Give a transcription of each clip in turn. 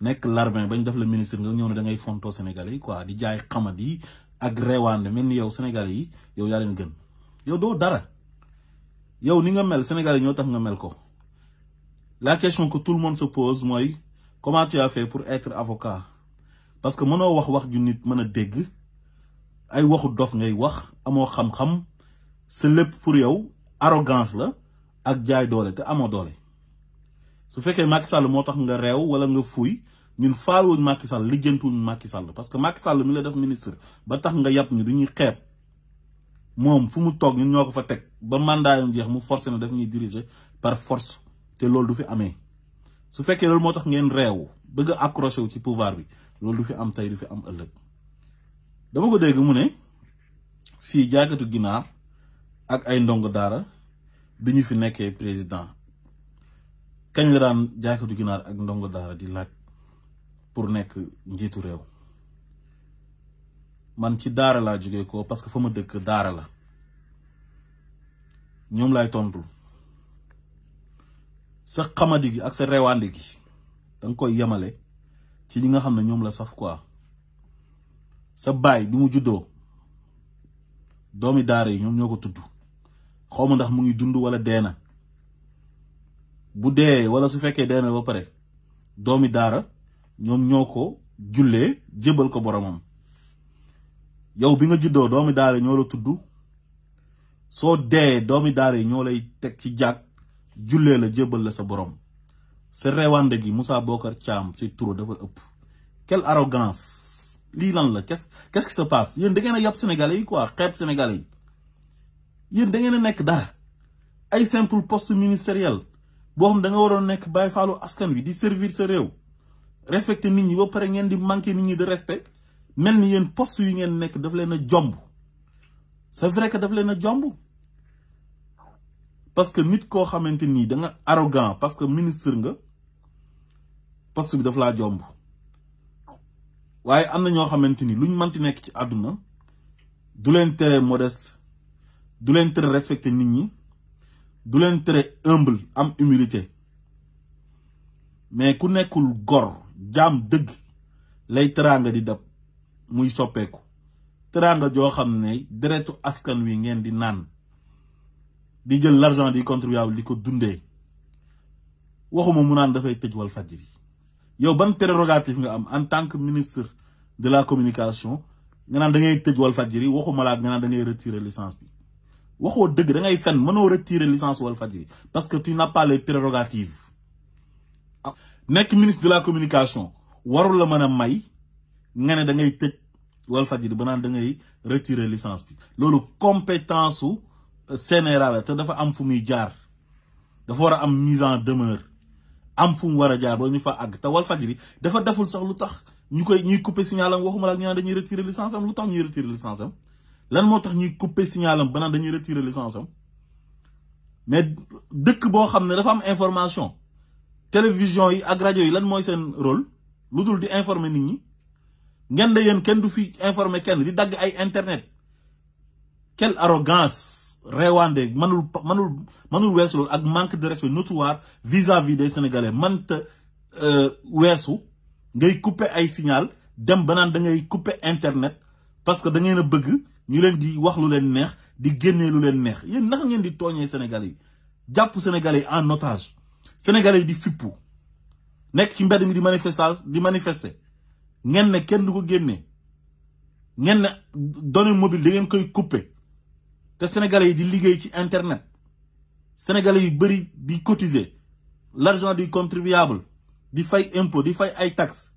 nek larbin bañ def la ministre nga ñëw na da ngay fonto Sénégalais quoi di jaay xamadi ak reewaande melni yow Sénégalais yi yow ya leen gën yow do dara yow ni nga mel Sénégalais ñoo tax nga mel ko la question que tout le monde se pose moy comment tu as fait pour être avocat parce que mënoo wax wax ju nit mën dégg ay waxu dof ngay wax amo xam-xam sa lepp pour yow arrogance la ak jaay doole te amo doole. su fekkee Macky Sall moo tax nga réew wala nga fuy ñun faaluwuñ Macky Sall lijjantiwuñ Macky Sall parce que Macky Sall mi la def ministre ba tax nga yàpp ñu du ñuy xeet moom fu mu toog ñu ñoo ko fa teg ba mandaayam jeex mu forcé na def ñuy diriger par force te loolu du fi amee su fekkee loolu moo tax ngeen reew bëgg a wu ci pouvoir bi loolu du fi am tey du fi am ëllëg dama ko dégg mu ne fii jaagatu ginaar ak ay ndongo daara bi ñu fi nekkee président kañ la daan jaaykatu ginaar ak ndongo daara di laaj pour nekk njiitu réew man ci daara laa jóge ko parce que fa ma dëkk daara la ñoom laay tontul sa xamadi gi ak sa rewaandi gi danga koy yemale ci ñi nga xam ne ñoom la saf quoi sa baay bi mu juddoo doomi daara yi ñoom ñoo ko tudd xaw ma ndax mu ngi dund wala dee na bu dee wala su fekkee dee na ba pare doomi daara ñoom ñoo ko jullee jébal ko boromam yow bi nga juddoo doomi daara ñoo la tudd soo dee doomi daara yi ñoo lay teg ci jàkk jullee la jébal la sa borom sa reewande gi Moussa Bocar Thiam si turo dafa ëpp quelle arrogance lii lan la qu'est-ce qu'est-ce qui se passe yéen da ngeen a yab sénégalais yi quoi xeeb sénégalais yi yéen dangeen a nekk dara ay simple poste ministériel boo xam da nga waroon nekk bàyyi faalu askan wi di servir sa réew respecter nit ñi ba pare ngeen di manquer nit ñi de respect mel ni yéen post yi ngeen nekk daf leen a jomb c'est vrai que daf leen a jomb parce que nit koo xamante nii da nga arrogant parce que ministre nga poste bi daf laa jomb waaye am na ñoo xamante ni luñ manti nekk ci àdduna du leen tere modeste du leen tere respecter nit ñi du len tere humble am humilité mais ku nekul gor jam deug lay teranga di dab muy soppeku teranga jo xamne deretu askan wi ngeen di nan, di jël l'argent di contribuable di ko dundee waxuma mu da fay tejj wal fajiri yow ban prérogative nga am en tant que ministre de la communication nga nan da ngay tejj wal fajiri waxuma la nga nan da ngay retirer licence bi waxoo dëgg da ngay fen mënoo retirer licence Walfadjri parce que tu n'as pas les prérogatives nekk ministre de la communication warul la mën may nga ne da ngay tëj Walfadjri ba naan da ngay retirer licence bi loolu compétence générale euh, te dafa am fumuy muy jaar dafa wara am mise en demeure am fum wara war jaar ñu fa ag te Walfadjri dafa deful sax lutax tax ñuy couper signal waxuma la ñaan dañuy retirer licence am lutax ñuy retirer licence am lan motax tax ñuy couper signalam ba naan dañuy retirer licence am mais dëkk bo xamne dafa am information télévision yi ak radio yi lan moy sen rôle lu di informer nit ñi ngeen de yeen kenn du fi informer kenn di dag ay internet quelle arrogance reewaande manul manul manul weesu ak manque de respect notoire vis-à-vis des sénégalais man te euh wessu ngay couper ay signal dem ba naan da ngay couper internet parce que da ngeen a bëgg ñu leen di wax lu leen neex di génnee lu leen neex ngeen di Sénégalais yi Sénégalais en otage Sénégalais di nekk ci mbedd mi di di manifester ngeen ne kenn ko mobile da ngeen koy couper Sénégalais yi di ci Sénégalais yu l'argent du contribuable di fay impôt di fay ay taxes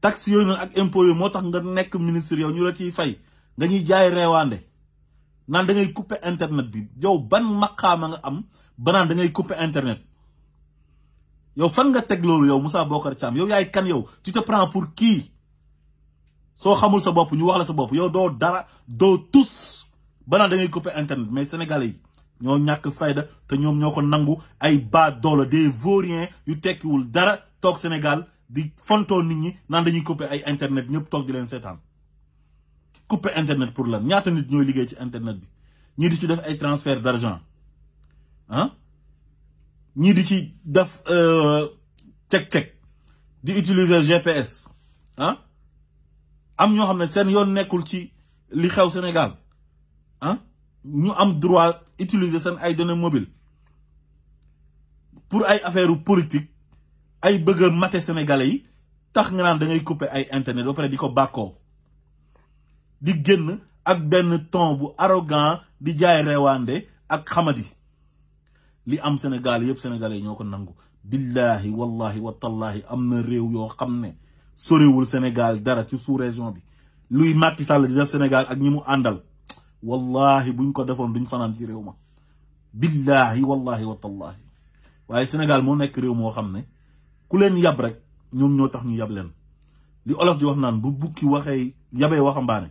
taxes yooyu noonu ak impôt nga yow ñu la nga ñuy jaay rewandé nan da ngay couper internet bi yow ban maqaama nga am banan da ngay couper internet yow fan nga teg lolu yow Moussa Bokar Cham yow yaay kan yow tu te prends pour qui so xamul sa bop ñu wax la sa bop yow do dara do tus banan da ngay couper internet mais sénégalais yi ñoo ñak fayda te ñom ñoko nangu ay ba dole des vauriens yu tekkiwul dara tok Sénégal di fonto nit ñi nan dañuy couper ay internet ñep tok di len sétane couper internet pour lan ñaata nit ñooy liggéey ci internet bi ñii di ci def ay transfert d'argent, argent hein? ah ñii di ci def euh, cek-cek di utiliser GPS ah hein? am ñoo xam ne seen yoon nekkul ci li xew Sénégal ah ñu am droit utiliser seen ay données mobiles pour ay affaire politique ay bëgg a sénégalais yi tax nga naan da ngay couper ay internet ba pare di ko bàkkoo di génn ak benn ton bu arrogant di jaay rewande ak xamadi li am Sénégal yëpp sénégalais ñoo ko nangu billahi wallahi wa tallahi am na réew yoo xam ne soriwul Sénégal dara ci sous région bi luy Macky Sall di def Sénégal ak ñi mu àndal wallahi buñ ko defoon duñ fanaan ci réew ma billahi wallahi wa tallahi waaye Sénégal moo nekk réew moo xam ne ku leen yab rek ñoom ñoo tax ñu yab leen li olof di wax naan bu bukki waxee yabee waxambaane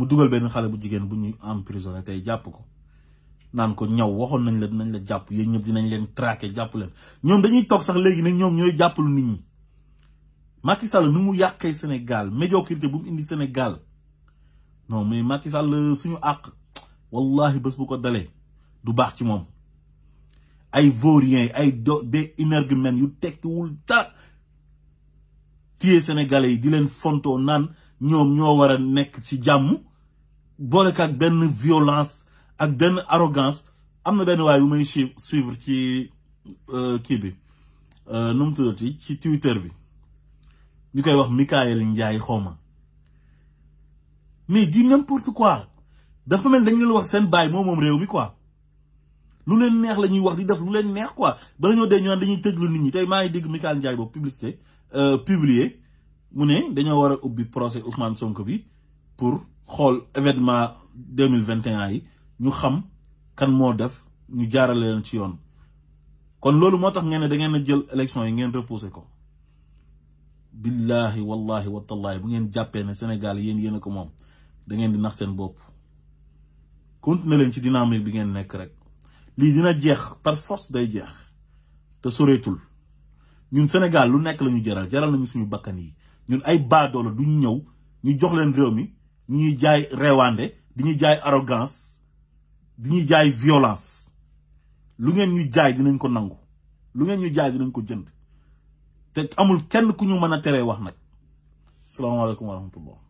mu duggal benn xalé bu jigen bu ñu emprisonné tay japp ko nan ko ñaw waxon nañ la dinañ la japp yeen ñep dinañ leen traqué japp leen ñom dañuy tok sax nak ñom ñoy japp lu nit ñi Macky Sall nu mu yaqé Sénégal médiocrité bu mu indi Sénégal non mais Macky Sall suñu ak wallahi bés bu ko dalé du bax ci mom ay vaurien ay do des énergumen yu wul ta tié sénégalais di leen fonto nan ñom ñoo wara nek ci jamm Bonne ak violence ak ben arrogance amna ben benn may suivre ci euh, euh, ci Twitter bi wax Mikael Ndiaye xoma mais di n'importe quoi dafa mel dañ leen wax sen bay quoi lu neex la wax di def lu neex quoi nit ñi tay Ndiaye publicité euh, publier mu ne procès Sonko pour xol événement 2021 yi ñu xam kan mo def ñu jaarale len ci yoon kon lolu motax ngeen da ngeen jël élection yi ngeen repousser ko billahi wallahi watallahi bu ngeen jappé né Sénégal yeen yeen ko mom da ngeen di nax seen kont na len ci dynamique bi ngeen nek rek li dina jeex par force day jeex te soretul ñun Sénégal lu nek lañu jaral jaral nañu suñu bakkan yi ñun ay baadoolo duñ ñew ñu jox leen réew mi ñuy jaay rewaande di ñuy jaay arrogance di ñuy jaay violence lu ngeen ñu jaay dinañ ko nangu lu ngeen ñu jaay dinañ ko jënd te amul kenn ku ñu mën a teree wax nag salaamaaleykum wa rahmatullah